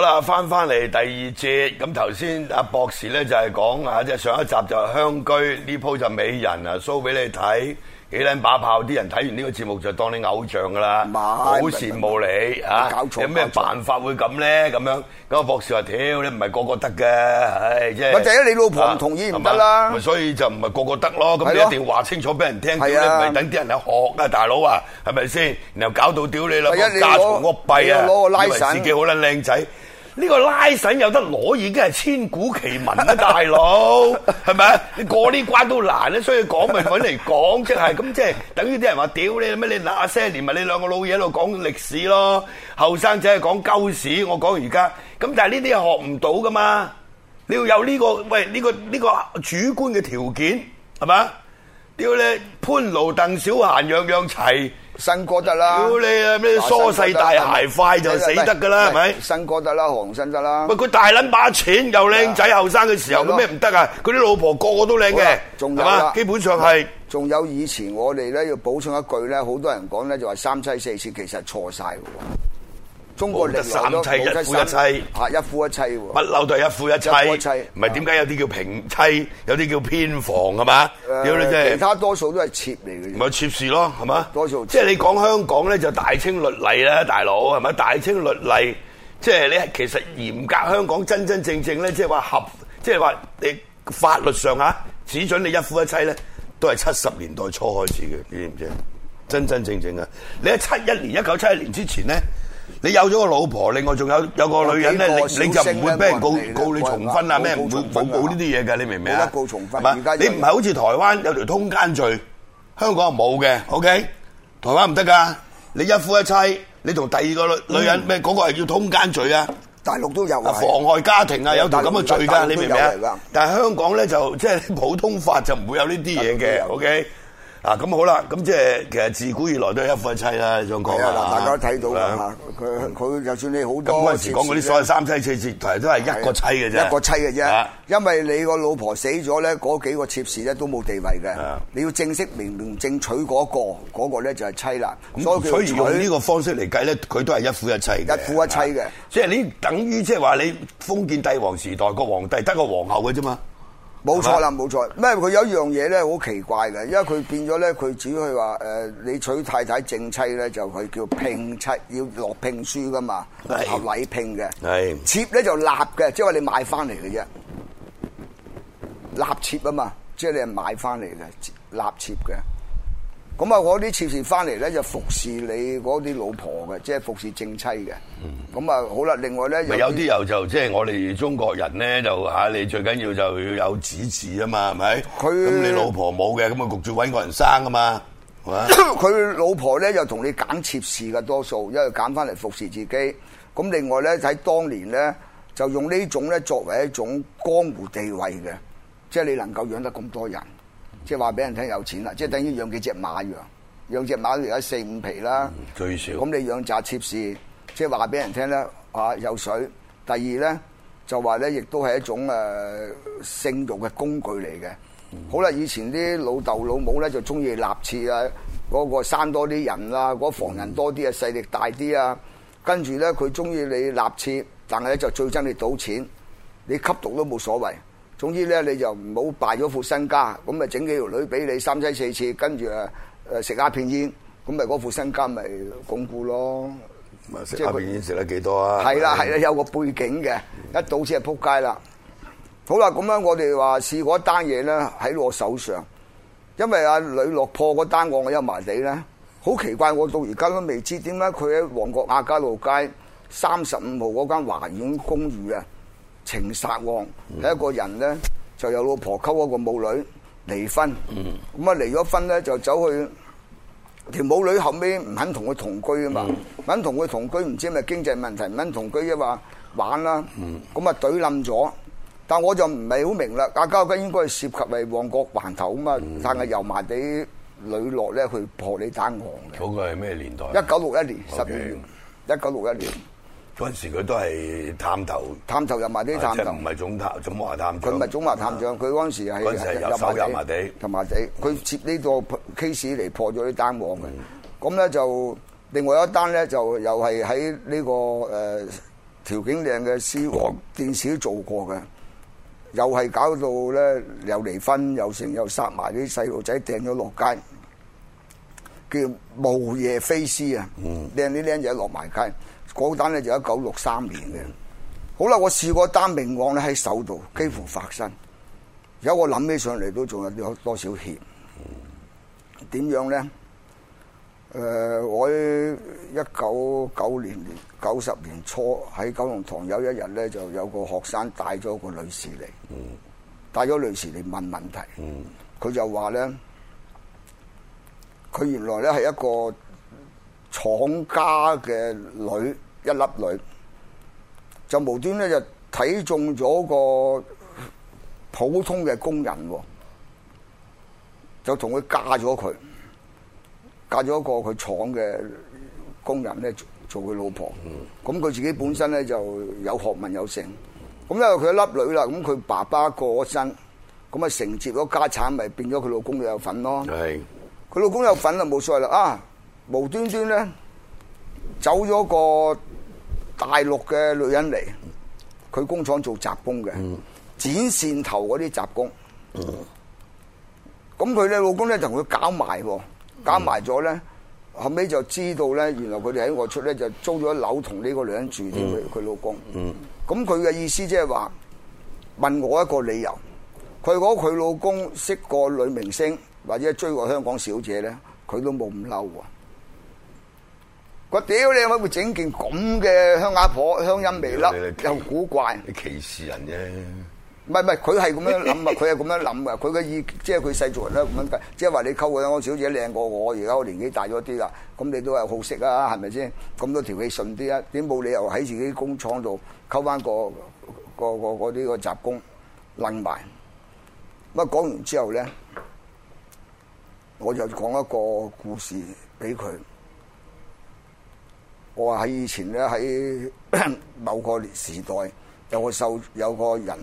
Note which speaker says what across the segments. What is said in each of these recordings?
Speaker 1: 好啦，翻翻嚟第二節。咁頭先阿博士咧就係講啊，即係上一集就係鄉居，呢鋪就美人啊，show 俾你睇，幾捻把炮啲人睇完呢個節目就當你偶像噶啦，好羨慕你啊！搞錯，有咩辦法會咁咧？咁樣咁阿博士話：屌你唔係個個得嘅，唉，即係或者你老婆唔同意唔得啦。咪所以就唔係個個得咯。咁你一定要話清楚俾人聽，咁你唔係等啲人去學啊，大佬啊，係咪先？然後搞到屌你啦，家嘈屋閉啊，以為自己好捻靚仔。呢個拉神有得攞已經係千古奇聞啦，大佬，係咪啊？你過呢關都難咧，所以講咪揾嚟講， 即係咁，即係等於啲人話屌 你乜你那些年咪你兩、啊、個老嘢喺度講歷史咯，後生仔係講鳩屎，我講而家。咁但係呢啲學唔到噶嘛，你要有呢、這個喂呢、這個呢、這個主觀嘅條件係咪？屌你，你潘勞、鄧小賢樣樣齊。樣齊新哥得啦，屌你啊！咩梳細大鞋快就死得噶啦，係咪是？是新
Speaker 2: 哥得啦，黃生得啦。
Speaker 1: 唔係佢大捻把錢，是是又靚仔，後生嘅時候，咩唔得啊？佢啲老婆個個，個都靚嘅，係嘛？基本上係。仲有以前我哋咧要
Speaker 2: 補充一句咧，好多人講咧就話三妻四妾，其實錯晒喎。中國就三妻一夫一妻，
Speaker 1: 嚇一夫一妻喎。不嬲都係一夫一妻，唔係點解有啲叫平妻，有啲叫偏房係嘛？其他多數都係妾嚟嘅。唔係妾事咯，係嘛？多數即係你講香港咧，就大清律例啦，大佬係咪？大清律例即係你其實嚴格香港真真正正咧，即係話合，即係話你法律上吓，只准你一夫一妻咧，都係七十年代初開始嘅，你知唔知？真真正正啊！你喺七一年一九七一年之前咧。你有咗個老婆，另外仲有有個女人咧，你你就唔會俾人告告你重婚啊咩？唔會冇冇呢啲嘢嘅，你明唔明？冇得告重婚，係嘛？你唔係好似台灣有條通奸罪，香港冇嘅，OK？台灣唔得噶，你一夫一妻，你同第二個女女人咩嗰個係叫通奸罪啊？大陸都有啊，妨害家庭啊，有條咁嘅罪噶，你明唔明？但係香港咧就即係普通法就唔會有呢啲嘢嘅，OK？啊，咁好啦，咁即係其實自古以來都係一夫一妻啦，想講大家都睇到啦。
Speaker 2: 佢佢了就算你好多妾，咁嗰陣時講嗰啲所謂三
Speaker 1: 妻四妾其實都係一個妻嘅啫，一個妻嘅啫。啊、因為你個
Speaker 2: 老婆死咗咧，嗰幾個妾侍咧都冇地位嘅。啊、你要正式明文正娶嗰、那個，嗰、那個咧就係妻啦。所以用呢、這個、
Speaker 1: 個方式嚟計咧，佢都係一夫一妻。一夫一妻嘅，即係、啊、你等於即係話你封建帝王時代個皇帝得個皇后嘅啫嘛。冇錯啦，冇錯。咩？佢有一樣嘢咧，好奇
Speaker 2: 怪嘅，因為佢變咗咧，佢主要係話誒，你娶太太正妻咧，就佢叫聘妻，要落聘書噶嘛，然後禮聘嘅。係是的 妾咧就納嘅，即係話你買翻嚟嘅啫，納妾啊嘛，即係你係你買翻嚟嘅納妾嘅。咁啊，我啲妾侍翻嚟咧就服侍你嗰啲老婆嘅，即係服侍正妻嘅。咁
Speaker 1: 啊、嗯，好啦，另外咧，有啲又就即係我哋中國人咧，就吓你最緊要就要有子嗣啊嘛，係咪？佢咁他你老婆冇嘅，咁啊焗住揾個人生啊嘛。
Speaker 2: 佢 老婆咧就同你揀妾侍嘅多數，因為揀翻嚟服侍自己。咁另外咧喺當年咧，就用種呢種咧作為一種江湖地位嘅，即係你能夠養得咁多人。即係話俾人聽有錢啦，即係等於養幾隻馬一樣，養隻馬而家四五皮啦，嗯，最少。咁你養扎妾侍，即係話俾人聽咧，吓有水。第二咧，就話咧亦都係一種誒性欲嘅工具嚟嘅。嗯，好啦，以前啲老豆老母咧就中意納妾啊，嗰，嗰個生多啲人啊，嗰，嗰個，房人多啲啊，勢力大啲啊。跟住咧，佢中意你納妾，但係咧就最憎你賭錢，你吸毒都冇所謂。總之咧，你就唔好敗咗副身家，咁咪整幾條女俾你三妻四妾，跟住誒誒食鴉片煙，咁咪嗰副身家咪鞏固咯。食鴉片
Speaker 1: 煙食得幾多啊？係啦，係啦，
Speaker 2: 有個背景嘅，的一到黐係仆街啦。好啦，咁樣我哋話試嗰單嘢咧喺我手上，因為阿呂樂破嗰單案，我陰埋地咧，好奇怪，我到而家都未知點解佢喺旺角亞皆老街三十五號嗰間華遠公寓啊。情殺案係一個人咧，就有老婆溝嗰個母女離婚，咁啊離咗婚咧就走去，條母女後尾唔肯同佢同居啊嘛，唔肯同佢同居，唔知係咪經濟問題，唔肯同居啫嘛，玩啦，咁啊隊冧咗。但我就唔係好明啦，阿膠筋應該涉及為旺角環頭啊嘛，但係由埋啲女落咧去破你單案
Speaker 1: 嘅。嗰個係咩年代？一九
Speaker 2: 六一年，十二月，一九六一年。嗰陣時佢都係探頭，探頭入埋啲探，即係唔係總探總華探長。佢唔係總華探長，佢嗰陣時係入手入埋啲，同埋佢接呢個 case 嚟，破咗啲單案嘅。咁咧就另外一單咧，就又係喺呢個誒調景嶺嘅私房電視都做過嘅，又係搞到咧又離婚又成又殺埋啲細路仔掟咗落街。叫無夜飛屍啊！掟啲靚仔落埋街，嗰、那個、單咧就一九六三年嘅。好啦，我試過單命案咧喺手度幾乎發生，有我諗起上嚟都仲有啲多少險？點樣咧？誒、呃，我一九九零年九十年初喺九龍塘有一日咧，就有個學生帶咗個女士嚟，帶咗女士嚟問問題。佢就話咧。佢原來咧係一個廠家嘅女。一粒女就無端咧就睇中咗個普通嘅工人，就同佢嫁咗佢，嫁咗一個佢廠嘅工人咧做佢老婆。咁佢自己本身咧就有學問有性，咁因為佢一粒女啦，咁佢爸爸過咗身，咁啊承接咗家產，咪變咗佢老公都有份咯。係。佢老公有份啦，冇所謂啦。啊，無端端咧走咗個大陸嘅女人嚟，佢工廠做雜工嘅，嗯、剪線頭嗰啲雜工。咁佢咧老公咧就佢搞埋喎，搞埋咗咧，嗯、後尾就知道咧，原來佢哋喺外出咧就租咗樓同呢個女人住添。佢佢、嗯、老公，咁佢嘅意思即係話問我一個理由，佢果佢老公識個女明星。或者追過香港小姐咧，佢都冇咁嬲喎！我屌你，咪會整件咁嘅鄉下婆鄉音未甩，又古怪。你歧視人啫！唔係唔係，佢係咁樣諗啊！佢係咁樣諗啊。佢嘅意即係佢世俗啦，咁樣計，即係話你溝過香港小姐靚過我，而家我年紀大咗啲啦，咁你都係好識啊，係咪先？咁都條氣順啲啊！點冇理由喺自己工廠度溝翻個個個嗰啲個雜工撚埋？乜講完之後咧？我就講一個故事俾佢。我話喺以前咧，喺某個年代有個受有個人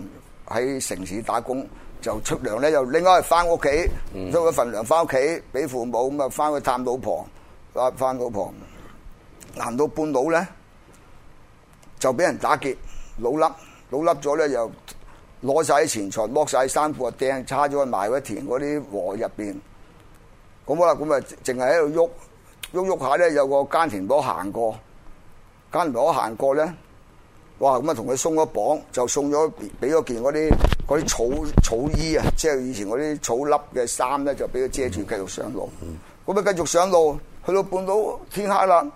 Speaker 2: 喺城市打工，就出糧咧，又另外翻屋企，攞一份糧翻屋企俾父母，咁啊翻去探老婆，翻翻老婆，行到半路咧就俾人打劫，老笠老笠咗咧，又攞晒啲錢財，剝晒啲衫褲，掟差咗去埋喺田嗰啲禾入邊。咁好啦，咁咪淨係喺度喐，喐喐下咧，有個耕田婆行過，耕田婆行過咧，哇！咁啊，同佢鬆咗綁，就送咗俾咗件嗰啲啲草草衣啊，即係以前嗰啲草笠嘅衫咧，就俾佢遮住，繼續上路。咁啊、嗯，繼續上路，去到半路天黑啦，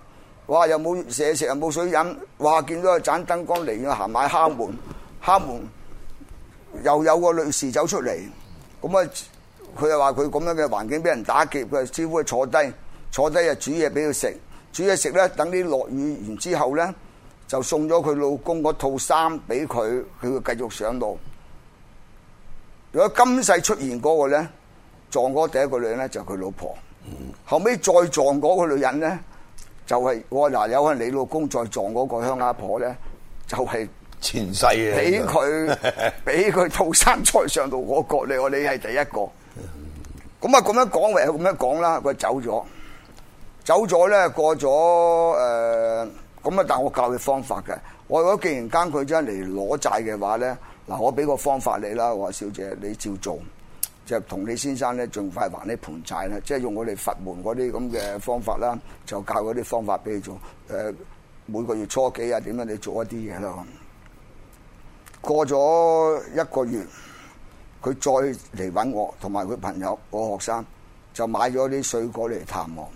Speaker 2: 哇！又冇石石，又冇水飲，哇！見到一盞燈光嚟，行埋敲門，敲門，又有個女士走出嚟，咁啊～佢又話佢咁樣嘅環境俾人打劫，佢招呼佢坐低坐低又煮嘢俾佢食，煮嘢食咧，等啲落雨完之後咧，就送咗佢老公嗰套衫俾佢，佢會繼續上路。如果今世出現嗰個咧，撞嗰第一個女人咧就係佢老婆，嗯、後尾再撞嗰個女人咧，就係我嗱，有可能你老公再撞嗰個鄉下婆咧，就係前世嘅，俾佢俾佢套衫再上到我角你我你係第一個。咁啊，咁樣講，唯有咁樣講啦。佢走咗，走咗咧，過咗誒，咁、呃、啊，但我教佢方法嘅。我如果既然間佢將嚟攞債嘅話咧，嗱，我俾個方法你啦。我話小姐，你照做，就同、是、你先生咧，盡快還啲盤債咧，即係用我哋佛門嗰啲咁嘅方法啦，就教嗰啲方法俾你做。誒、呃，每個月初幾啊？點樣你做一啲嘢咯？過咗一個月。佢再嚟揾我，同埋佢朋友，我學生就買咗啲水果嚟探我。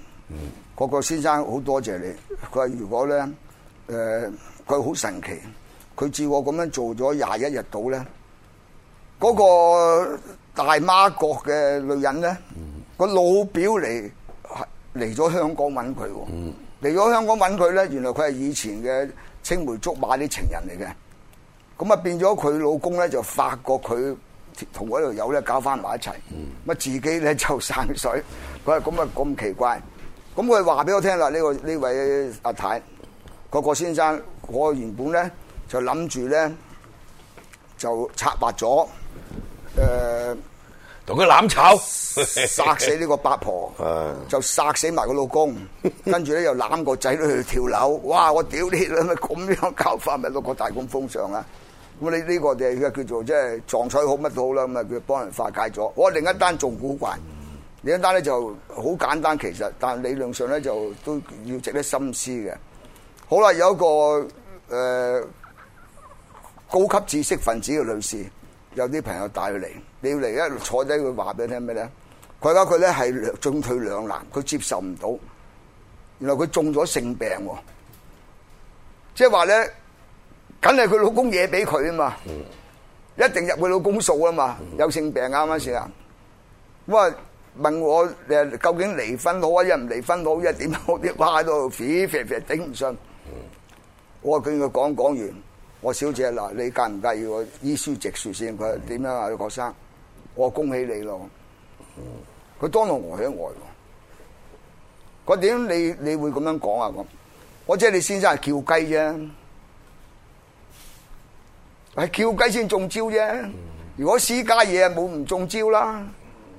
Speaker 2: 個、嗯、個先生好多謝你。佢話如果咧，誒佢好神奇，佢自我咁樣做咗廿一日到咧，嗰、嗰個大媽國嘅女人咧，嗯、個老表嚟嚟咗香港揾佢，嚟咗、嗯、香港揾佢咧，原來佢係以前嘅青梅竹馬啲情人嚟嘅。咁啊變咗佢老公咧就發覺佢。同嗰條友咧搞翻埋一齊，乜自己咧就散水，佢話咁啊咁奇怪，咁佢話俾我聽啦，呢個呢位阿太個個先生，我原本咧就諗住咧就策劃咗誒，同佢攬炒，殺死呢個八婆，就殺死埋個老公，跟住咧又攬個仔女去跳樓，哇！我屌你啦，咪咁樣搞法咪攞個大功封上啊！咁你呢個嘅而家叫做即係撞彩好乜都好啦，咁啊佢幫人化解咗。我另一單仲古怪，另一單咧就好簡單其實，但理論上咧就都要值得深思嘅。好啦，有一個誒高級知識分子嘅女士，有啲朋友帶佢嚟，你要嚟一坐低，佢話俾你聽咩咧？佢話佢咧係兩進退兩難，佢接受唔到，原來佢中咗性病，即係話咧。梗係佢老公野俾佢啊嘛，一定入佢老公數啊嘛，有性病啱唔啱先啊？我問問我誒，究竟離婚好啊，一唔離婚好一？點我啲話喺度肥肥肥頂唔順。我話佢佢講講完，我小姐嗱，你介唔介意我依書直說先？佢點樣啊？郭生，我恭喜你咯。佢當到外響外，佢點你你會咁樣講啊？咁，我即係你先生係叫雞啫。係叫雞先中招啫，如果私家嘢，冇唔中招啦。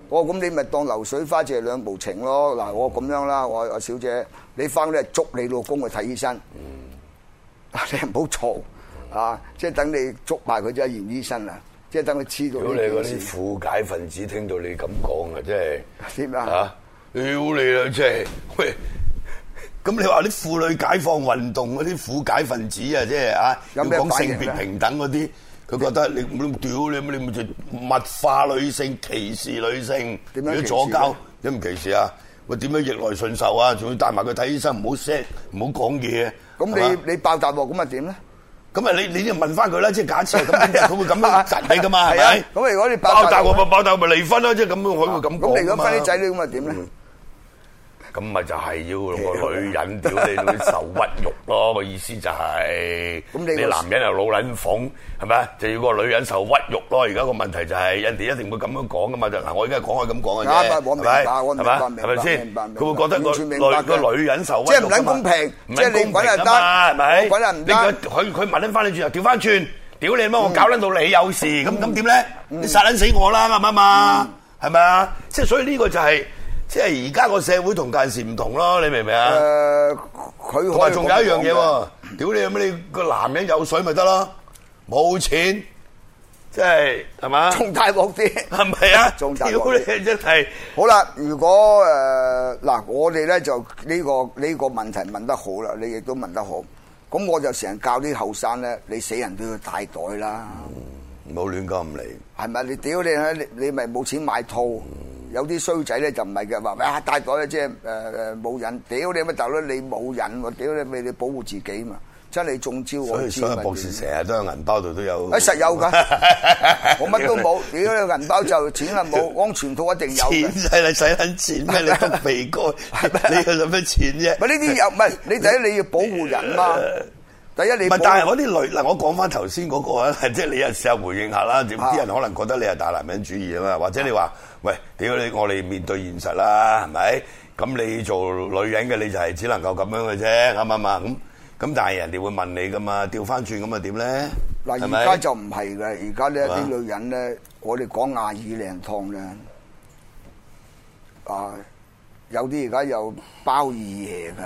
Speaker 2: 我咁你咪當流水花就係兩無情咯。嗱、嗯，我咁樣啦，我我小姐，你翻去捉你老公去睇醫生。嗯、你唔好嘈啊，即係等你捉埋佢啫，袁醫生啊，即係等佢黐到你。嗰啲
Speaker 1: 富解分子聽到你咁講樣啊，真係嚇屌你啦，真係喂！咁你話啲婦女解放運動嗰啲婦解分子啊，即係啊，要講性別平等嗰啲，佢覺得你你屌你，你咪就物化女性，歧視女性，如果坐交，你唔歧視啊？喂，點樣逆來順受啊？仲要帶埋佢睇醫生，唔好 set，唔好講嘢。咁你你爆炸喎，咁啊點咧？咁啊你你又問翻佢啦，即係假設咁，佢會咁樣窒你噶嘛？係咪？咁如果你爆炸喎，爆炸咪離婚啦，即係咁樣佢會咁講啊？咁離咗婚啲仔女咁啊點咧？咁咪就係要個女人屌你，你受屈辱咯，個意思就係，你男人又老撚諷，係咪啊？就要個女人受屈辱咯。而家個問題就係，人哋一定會咁樣講噶嘛。嗱，我而家講開咁講嘅啫，係咪？係咪？係咪先？佢會覺得個女女人受屈即係唔撚公平，即係老鬼又得，係咪？老鬼又佢佢問翻你轉，調翻轉，屌你媽！我搞撚到你有事，咁咁點咧？你殺撚死我啦，啱唔啱啊？係咪啊？即係所以呢個就係。即係而家個社會同嗰陣時唔同咯，你明唔明啊？誒，佢同埋仲有一樣嘢喎，屌你！咁你個男人有水咪得咯，冇錢，即係係嘛？仲大鑊啲，係咪啊？屌你！真係好啦，如果誒嗱、呃，我哋
Speaker 2: 咧就呢、呢個呢、呢個問題問得好啦，你亦都問得好，咁我就成日教啲後生咧，你死人都要帶袋啦，唔好、嗯、亂咁嚟，係咪？你屌你你咪冇錢買套。嗯有啲衰仔咧就唔係嘅，話咩啊，大袋，即係誒誒冇癮，屌你乜，大佬你冇癮，屌你，為你，你，你保護自己嘛？真係你中招我。所以所以博士
Speaker 1: 成日都有銀包，度都有。實
Speaker 2: 有噶， 我乜都冇，屌銀包就錢啦，冇，安全套一定有。錢，
Speaker 1: 使你使緊錢咩？你個肥哥， 你個使乜錢啫？唔係呢啲有，唔係你睇你要保護人啊。 第一你唔係，但係嗰啲女嗱，我講翻頭先嗰個咧，即係你有時候回應下啦。點啲人可能覺得你係大男人主義啊嘛？或者你話喂，屌你，我哋面對現實啦，係咪？咁你做女人嘅，你就係只能夠咁樣嘅啫，啱唔啱？咁咁，但係人哋會問你噶嘛？調翻轉咁又點咧？嗱，而家就唔
Speaker 2: 係嘅，而家咧啲女人咧，我哋講阿二靚湯咧，啊，有啲而家有包二爺嘅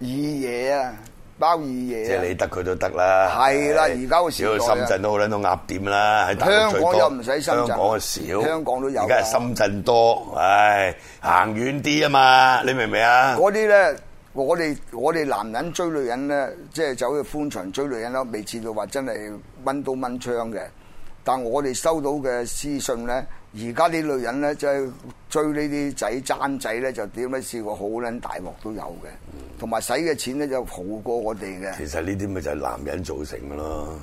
Speaker 2: 二爺啊！包二爺即係你
Speaker 1: 得佢都得啦，係啦的，而家好少，深圳都好揾到鴨點啦，喺香港又唔使深圳，香港少，香港都有。而家係深圳多，唉、哎，行遠啲
Speaker 2: 啊嘛，你明唔明啊？嗰啲咧，我哋我哋男人追女人咧，即、就、係、是、走去歡場追女人咯，未至到話真係掹刀掹槍嘅。但我哋收到嘅私信咧。而家啲女人咧，即係追呢啲仔爭仔咧，就點樣試過好撚大鑊都有嘅，同埋使嘅錢咧就好過我哋嘅。其實
Speaker 1: 呢啲咪就係男人造成嘅咯。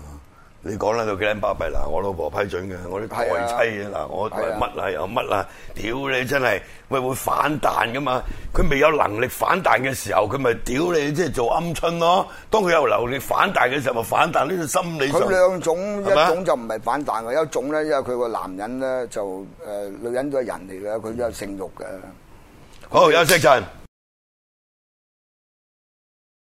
Speaker 1: 你講啦，就幾零八幣嗱，我老婆批准嘅，我啲外妻嘅嗱，我乜啊又乜啊，屌你真係，喂會反彈㗎嘛？佢未有能力反彈嘅時候，佢咪屌你，即係做鵪鶉咯。當佢有能力反彈嘅時候，咪反彈呢個心理上。佢兩種，吧一種
Speaker 2: 就唔係反彈嘅，一種咧因為佢個男人咧就誒、呃、女人都係人嚟嘅，佢都有性慾嘅。
Speaker 1: 好，休息陣。
Speaker 2: 好